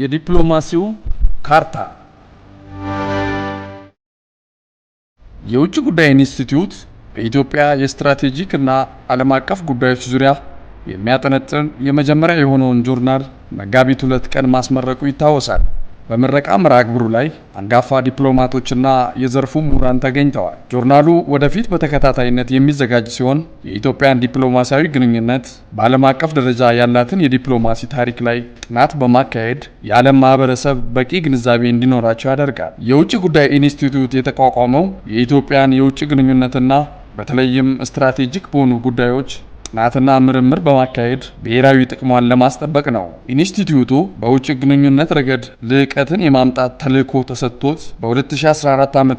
የዲፕሎማሲው ካርታ የውጭ ጉዳይ ኢንስቲትዩት በኢትዮጵያ የስትራቴጂክ እና ዓለም አቀፍ ጉዳዮች ዙሪያ የሚያጠነጥን የመጀመሪያ የሆነውን ጆርናል መጋቢት ሁለት ቀን ማስመረቁ ይታወሳል። በምረቃ መርሃ ግብሩ ላይ አንጋፋ ዲፕሎማቶችና የዘርፉ ምሁራን ተገኝተዋል። ጆርናሉ ወደፊት በተከታታይነት የሚዘጋጅ ሲሆን የኢትዮጵያን ዲፕሎማሲያዊ ግንኙነት፣ በዓለም አቀፍ ደረጃ ያላትን የዲፕሎማሲ ታሪክ ላይ ጥናት በማካሄድ የዓለም ማህበረሰብ በቂ ግንዛቤ እንዲኖራቸው ያደርጋል። የውጭ ጉዳይ ኢንስቲትዩት የተቋቋመው የኢትዮጵያን የውጭ ግንኙነትና በተለይም ስትራቴጂክ በሆኑ ጉዳዮች ጥናትና ምርምር በማካሄድ ብሔራዊ ጥቅሟን ለማስጠበቅ ነው። ኢንስቲትዩቱ በውጭ ግንኙነት ረገድ ልዕቀትን የማምጣት ተልዕኮ ተሰጥቶት በ2014 ዓ ም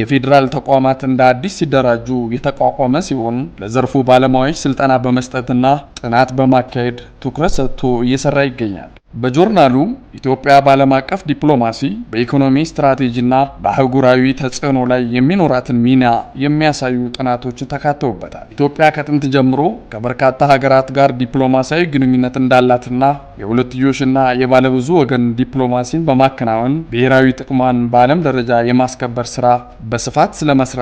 የፌዴራል ተቋማት እንደ አዲስ ሲደራጁ የተቋቋመ ሲሆን ለዘርፉ ባለሙያዎች ስልጠና በመስጠትና ጥናት በማካሄድ ትኩረት ሰጥቶ እየሰራ ይገኛል። በጆርናሉ ኢትዮጵያ በዓለም አቀፍ ዲፕሎማሲ፣ በኢኮኖሚ ስትራቴጂና በአህጉራዊ ተጽዕኖ ላይ የሚኖራትን ሚና የሚያሳዩ ጥናቶች ተካተውበታል። ኢትዮጵያ ከጥንት ጀምሮ ከበርካታ ሀገራት ጋር ዲፕሎማሲያዊ ግንኙነት እንዳላትና የሁለትዮሽና የባለብዙ ወገን ዲፕሎማሲን በማከናወን ብሔራዊ ጥቅሟን በዓለም ደረጃ የማስከበር ስራ በስፋት ስለመስራቷ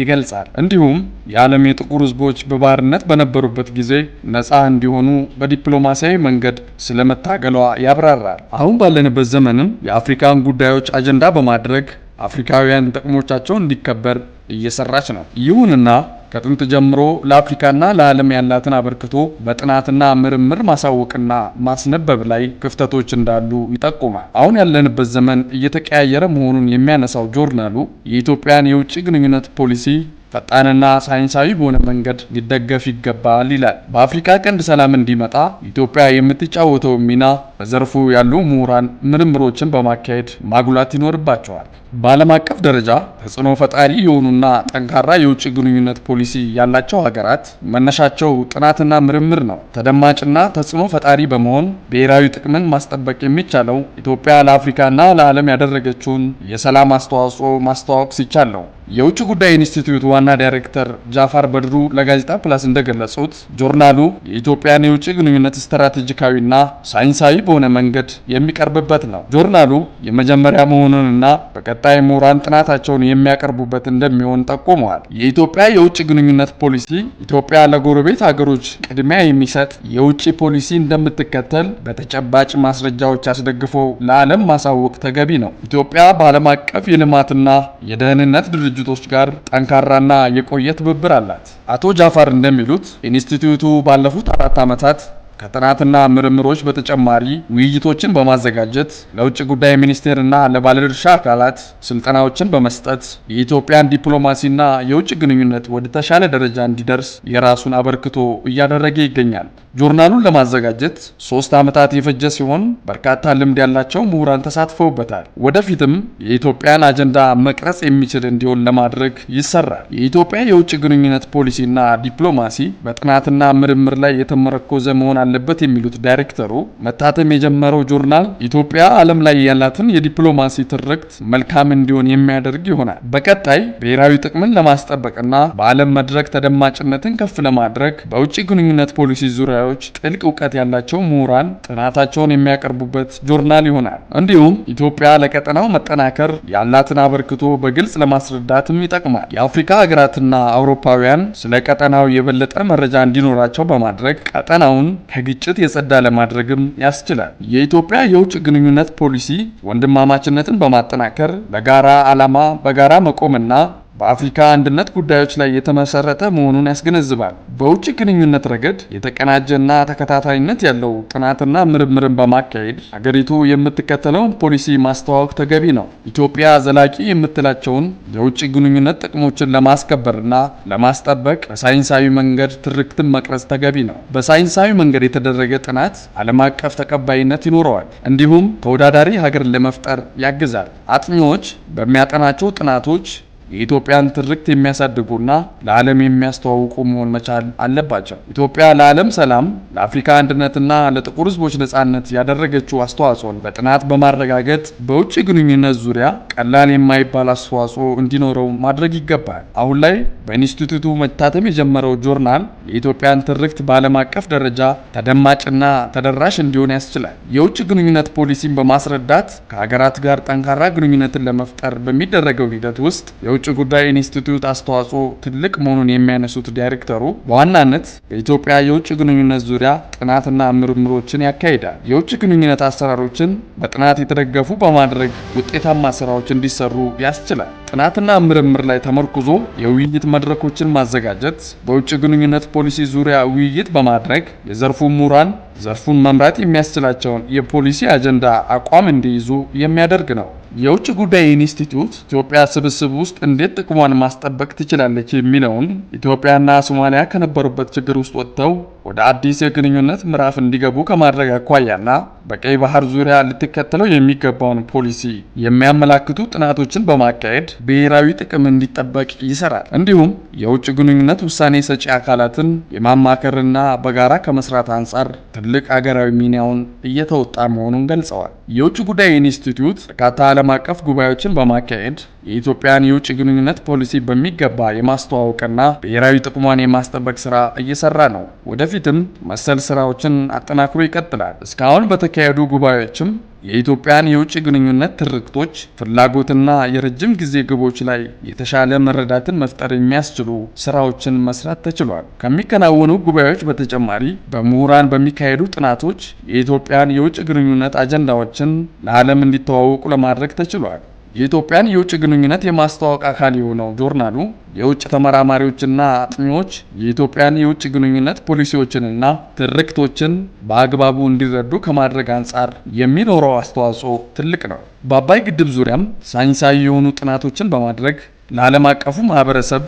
ይገልጻል። እንዲሁም የዓለም የጥቁር ህዝቦች በባርነት በነበሩበት ጊዜ ነፃ እንዲሆኑ በዲፕሎማሲያዊ መንገድ ስለመታገሏ ያብራራል። አሁን ባለንበት ዘመንም የአፍሪካን ጉዳዮች አጀንዳ በማድረግ አፍሪካውያን ጥቅሞቻቸው እንዲከበር እየሰራች ነው። ይሁንና ከጥንት ጀምሮ ለአፍሪካና ለዓለም ያላትን አበርክቶ በጥናትና ምርምር ማሳወቅና ማስነበብ ላይ ክፍተቶች እንዳሉ ይጠቁማል። አሁን ያለንበት ዘመን እየተቀያየረ መሆኑን የሚያነሳው ጆርናሉ የኢትዮጵያን የውጭ ግንኙነት ፖሊሲ ፈጣንና ሳይንሳዊ በሆነ መንገድ ሊደገፍ ይገባል ይላል። በአፍሪካ ቀንድ ሰላም እንዲመጣ ኢትዮጵያ የምትጫወተው ሚና በዘርፉ ያሉ ምሁራን ምርምሮችን በማካሄድ ማጉላት ይኖርባቸዋል። በዓለም አቀፍ ደረጃ ተጽዕኖ ፈጣሪ የሆኑና ጠንካራ የውጭ ግንኙነት ፖሊሲ ያላቸው ሀገራት መነሻቸው ጥናትና ምርምር ነው። ተደማጭና ተጽዕኖ ፈጣሪ በመሆን ብሔራዊ ጥቅምን ማስጠበቅ የሚቻለው ኢትዮጵያ ለአፍሪካና ለዓለም ያደረገችውን የሰላም አስተዋጽኦ ማስተዋወቅ ሲቻል ነው። የውጭ ጉዳይ ኢንስቲትዩት ዋና ዳይሬክተር ጃፋር በድሩ ለጋዜጣ ፕላስ እንደገለጹት ጆርናሉ የኢትዮጵያን የውጭ ግንኙነት ስትራቴጂካዊና ሳይንሳዊ በሆነ መንገድ የሚቀርብበት ነው። ጆርናሉ የመጀመሪያ መሆኑንና በቀጣይ ምሁራን ጥናታቸውን የሚያቀርቡበት እንደሚሆን ጠቁመዋል። የኢትዮጵያ የውጭ ግንኙነት ፖሊሲ ኢትዮጵያ ለጎረቤት ሀገሮች ቅድሚያ የሚሰጥ የውጭ ፖሊሲ እንደምትከተል በተጨባጭ ማስረጃዎች አስደግፎ ለዓለም ማሳወቅ ተገቢ ነው። ኢትዮጵያ በዓለም አቀፍ የልማትና የደህንነት ድርጅቶች ጋር ጠንካራና የቆየ ትብብር አላት። አቶ ጃፋር እንደሚሉት ኢንስቲትዩቱ ባለፉት አራት ዓመታት ከጥናትና ምርምሮች በተጨማሪ ውይይቶችን በማዘጋጀት ለውጭ ጉዳይ ሚኒስቴር እና ለባለድርሻ አካላት ስልጠናዎችን በመስጠት የኢትዮጵያን ዲፕሎማሲና የውጭ ግንኙነት ወደ ተሻለ ደረጃ እንዲደርስ የራሱን አበርክቶ እያደረገ ይገኛል። ጆርናሉን ለማዘጋጀት ሶስት ዓመታት የፈጀ ሲሆን በርካታ ልምድ ያላቸው ምሁራን ተሳትፈውበታል። ወደፊትም የኢትዮጵያን አጀንዳ መቅረጽ የሚችል እንዲሆን ለማድረግ ይሰራል። የኢትዮጵያ የውጭ ግንኙነት ፖሊሲና ዲፕሎማሲ በጥናትና ምርምር ላይ የተመረኮዘ መሆን አለበት የሚሉት ዳይሬክተሩ መታተም የጀመረው ጆርናል ኢትዮጵያ ዓለም ላይ ያላትን የዲፕሎማሲ ትርክት መልካም እንዲሆን የሚያደርግ ይሆናል። በቀጣይ ብሔራዊ ጥቅምን ለማስጠበቅና በዓለም መድረክ ተደማጭነትን ከፍ ለማድረግ በውጭ ግንኙነት ፖሊሲ ዙሪያዎች ጥልቅ እውቀት ያላቸው ምሁራን ጥናታቸውን የሚያቀርቡበት ጆርናል ይሆናል። እንዲሁም ኢትዮጵያ ለቀጠናው መጠናከር ያላትን አበርክቶ በግልጽ ለማስረዳትም ይጠቅማል። የአፍሪካ ሀገራትና አውሮፓውያን ስለ ቀጠናው የበለጠ መረጃ እንዲኖራቸው በማድረግ ቀጠናውን ከግጭት የጸዳ ለማድረግም ያስችላል። የኢትዮጵያ የውጭ ግንኙነት ፖሊሲ ወንድማማችነትን በማጠናከር ለጋራ ዓላማ በጋራ መቆምና በአፍሪካ አንድነት ጉዳዮች ላይ የተመሰረተ መሆኑን ያስገነዝባል። በውጭ ግንኙነት ረገድ የተቀናጀና ተከታታይነት ያለው ጥናትና ምርምርን በማካሄድ አገሪቱ የምትከተለውን ፖሊሲ ማስተዋወቅ ተገቢ ነው። ኢትዮጵያ ዘላቂ የምትላቸውን የውጭ ግንኙነት ጥቅሞችን ለማስከበርና ለማስጠበቅ በሳይንሳዊ መንገድ ትርክትን መቅረጽ ተገቢ ነው። በሳይንሳዊ መንገድ የተደረገ ጥናት ዓለም አቀፍ ተቀባይነት ይኖረዋል፣ እንዲሁም ተወዳዳሪ ሀገር ለመፍጠር ያግዛል። አጥኚዎች በሚያጠናቸው ጥናቶች የኢትዮጵያን ትርክት የሚያሳድጉና ለዓለም የሚያስተዋውቁ መሆን መቻል አለባቸው። ኢትዮጵያ ለዓለም ሰላም፣ ለአፍሪካ አንድነትና ለጥቁር ሕዝቦች ነጻነት ያደረገችው አስተዋጽኦን በጥናት በማረጋገጥ በውጭ ግንኙነት ዙሪያ ቀላል የማይባል አስተዋጽኦ እንዲኖረው ማድረግ ይገባል። አሁን ላይ በኢንስቲትዩቱ መታተም የጀመረው ጆርናል የኢትዮጵያን ትርክት በዓለም አቀፍ ደረጃ ተደማጭና ተደራሽ እንዲሆን ያስችላል። የውጭ ግንኙነት ፖሊሲን በማስረዳት ከሀገራት ጋር ጠንካራ ግንኙነትን ለመፍጠር በሚደረገው ሂደት ውስጥ የውጭ ጉዳይ ኢንስቲትዩት አስተዋጽኦ ትልቅ መሆኑን የሚያነሱት ዳይሬክተሩ በዋናነት በኢትዮጵያ የውጭ ግንኙነት ዙሪያ ጥናትና ምርምሮችን ያካሂዳል። የውጭ ግንኙነት አሰራሮችን በጥናት የተደገፉ በማድረግ ውጤታማ ስራዎች እንዲሰሩ ያስችላል። ጥናትና ምርምር ላይ ተመርኩዞ የውይይት መድረኮችን ማዘጋጀት፣ በውጭ ግንኙነት ፖሊሲ ዙሪያ ውይይት በማድረግ የዘርፉ ምሁራን ዘርፉን መምራት የሚያስችላቸውን የፖሊሲ አጀንዳ አቋም እንዲይዙ የሚያደርግ ነው። የውጭ ጉዳይ ኢንስቲትዩት ኢትዮጵያ ስብስብ ውስጥ እንዴት ጥቅሟን ማስጠበቅ ትችላለች የሚለውን ኢትዮጵያና ሶማሊያ ከነበሩበት ችግር ውስጥ ወጥተው ወደ አዲስ የግንኙነት ምዕራፍ እንዲገቡ ከማድረግ አኳያና በቀይ ባህር ዙሪያ ልትከተለው የሚገባውን ፖሊሲ የሚያመላክቱ ጥናቶችን በማካሄድ ብሔራዊ ጥቅም እንዲጠበቅ ይሰራል። እንዲሁም የውጭ ግንኙነት ውሳኔ ሰጪ አካላትን የማማከርና በጋራ ከመስራት አንጻር ትልቅ አገራዊ ሚናውን እየተወጣ መሆኑን ገልጸዋል። የውጭ ጉዳይ ኢንስቲትዩት በርካታ ዓለም አቀፍ ጉባኤዎችን በማካሄድ የኢትዮጵያን የውጭ ግንኙነት ፖሊሲ በሚገባ የማስተዋወቅና ብሔራዊ ጥቅሟን የማስጠበቅ ስራ እየሰራ ነው። ወደፊትም መሰል ስራዎችን አጠናክሮ ይቀጥላል። እስካሁን በተ የተካሄዱ ጉባኤዎችም የኢትዮጵያን የውጭ ግንኙነት ትርክቶች፣ ፍላጎትና የረጅም ጊዜ ግቦች ላይ የተሻለ መረዳትን መፍጠር የሚያስችሉ ስራዎችን መስራት ተችሏል። ከሚከናወኑ ጉባኤዎች በተጨማሪ በምሁራን በሚካሄዱ ጥናቶች የኢትዮጵያን የውጭ ግንኙነት አጀንዳዎችን ለዓለም እንዲተዋወቁ ለማድረግ ተችሏል። የኢትዮጵያን የውጭ ግንኙነት የማስተዋወቅ አካል የሆነው ጆርናሉ የውጭ ተመራማሪዎችና አጥኚዎች የኢትዮጵያን የውጭ ግንኙነት ፖሊሲዎችንና ትርክቶችን በአግባቡ እንዲረዱ ከማድረግ አንጻር የሚኖረው አስተዋጽኦ ትልቅ ነው። በአባይ ግድብ ዙሪያም ሳይንሳዊ የሆኑ ጥናቶችን በማድረግ ለዓለም አቀፉ ማህበረሰብ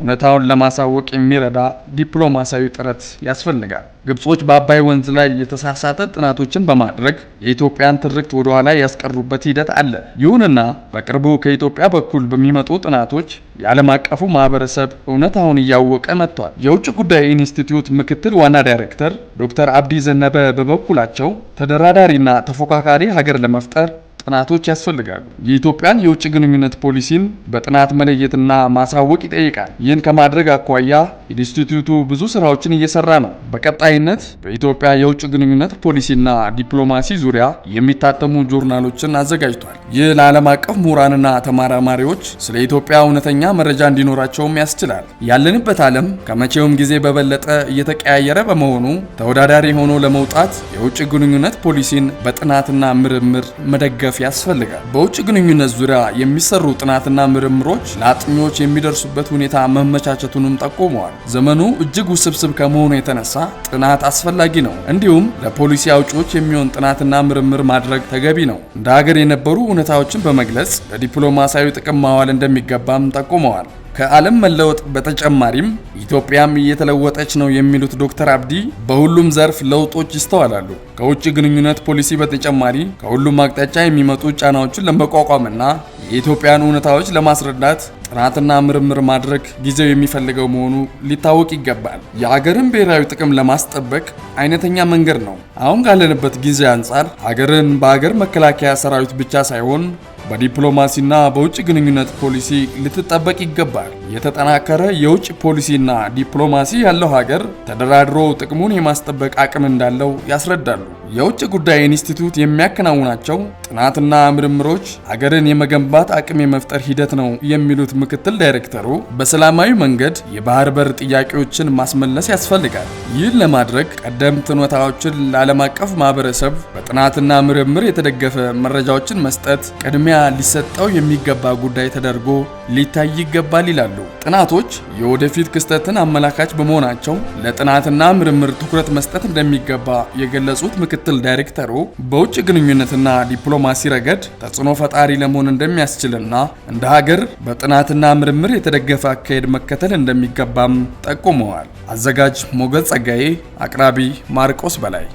እውነታውን ለማሳወቅ የሚረዳ ዲፕሎማሲያዊ ጥረት ያስፈልጋል። ግብጾች በአባይ ወንዝ ላይ የተሳሳተ ጥናቶችን በማድረግ የኢትዮጵያን ትርክት ወደ ኋላ ያስቀሩበት ሂደት አለ። ይሁንና በቅርቡ ከኢትዮጵያ በኩል በሚመጡ ጥናቶች የዓለም አቀፉ ማህበረሰብ እውነታውን እያወቀ መጥቷል። የውጭ ጉዳይ ኢንስቲትዩት ምክትል ዋና ዳይሬክተር ዶክተር አብዲ ዘነበ በበኩላቸው ተደራዳሪና ተፎካካሪ ሀገር ለመፍጠር ጥናቶች ያስፈልጋሉ። የኢትዮጵያን የውጭ ግንኙነት ፖሊሲን በጥናት መለየትና ማሳወቅ ይጠይቃል። ይህን ከማድረግ አኳያ ኢንስቲትዩቱ ብዙ ስራዎችን እየሰራ ነው። በቀጣይነት በኢትዮጵያ የውጭ ግንኙነት ፖሊሲና ዲፕሎማሲ ዙሪያ የሚታተሙ ጆርናሎችን አዘጋጅቷል። ይህ ለዓለም አቀፍ ምሁራንና ተመራማሪዎች ስለ ኢትዮጵያ እውነተኛ መረጃ እንዲኖራቸውም ያስችላል። ያለንበት ዓለም ከመቼውም ጊዜ በበለጠ እየተቀያየረ በመሆኑ ተወዳዳሪ ሆኖ ለመውጣት የውጭ ግንኙነት ፖሊሲን በጥናትና ምርምር መደገፍ መደገፍ ያስፈልጋል። በውጭ ግንኙነት ዙሪያ የሚሰሩ ጥናትና ምርምሮች ለአጥኚዎች የሚደርሱበት ሁኔታ መመቻቸቱንም ጠቁመዋል። ዘመኑ እጅግ ውስብስብ ከመሆኑ የተነሳ ጥናት አስፈላጊ ነው። እንዲሁም ለፖሊሲ አውጪዎች የሚሆን ጥናትና ምርምር ማድረግ ተገቢ ነው። እንደ ሀገር የነበሩ እውነታዎችን በመግለጽ ለዲፕሎማሲያዊ ጥቅም ማዋል እንደሚገባም ጠቁመዋል። ከዓለም መለወጥ በተጨማሪም ኢትዮጵያም እየተለወጠች ነው የሚሉት ዶክተር አብዲ በሁሉም ዘርፍ ለውጦች ይስተዋላሉ። ከውጭ ግንኙነት ፖሊሲ በተጨማሪ ከሁሉም አቅጣጫ የሚመጡ ጫናዎችን ለመቋቋምና የኢትዮጵያን እውነታዎች ለማስረዳት ጥናትና ምርምር ማድረግ ጊዜው የሚፈልገው መሆኑ ሊታወቅ ይገባል። የአገርን ብሔራዊ ጥቅም ለማስጠበቅ አይነተኛ መንገድ ነው። አሁን ካለንበት ጊዜ አንጻር ሀገርን በሀገር መከላከያ ሰራዊት ብቻ ሳይሆን በዲፕሎማሲና በውጭ ግንኙነት ፖሊሲ ልትጠበቅ ይገባል። የተጠናከረ የውጭ ፖሊሲና ዲፕሎማሲ ያለው ሀገር ተደራድሮ ጥቅሙን የማስጠበቅ አቅም እንዳለው ያስረዳሉ። የውጭ ጉዳይ ኢንስቲትዩት የሚያከናውናቸው ጥናትና ምርምሮች ሀገርን የመገንባት አቅም የመፍጠር ሂደት ነው የሚሉት ምክትል ዳይሬክተሩ፣ በሰላማዊ መንገድ የባህር በር ጥያቄዎችን ማስመለስ ያስፈልጋል። ይህን ለማድረግ ቀደምት ትኖታዎችን ለዓለም አቀፍ ማህበረሰብ በጥናትና ምርምር የተደገፈ መረጃዎችን መስጠት ቅድሚያ ሊሰጠው የሚገባ ጉዳይ ተደርጎ ሊታይ ይገባል ይላሉ። ጥናቶች የወደፊት ክስተትን አመላካች በመሆናቸው ለጥናትና ምርምር ትኩረት መስጠት እንደሚገባ የገለጹት ምክትል ዳይሬክተሩ በውጭ ግንኙነትና ዲፕሎማሲ ረገድ ተጽዕኖ ፈጣሪ ለመሆን እንደሚያስችልና እንደ ሀገር በጥናትና ምርምር የተደገፈ አካሄድ መከተል እንደሚገባም ጠቁመዋል። አዘጋጅ ሞገዝ ጸጋዬ፣ አቅራቢ ማርቆስ በላይ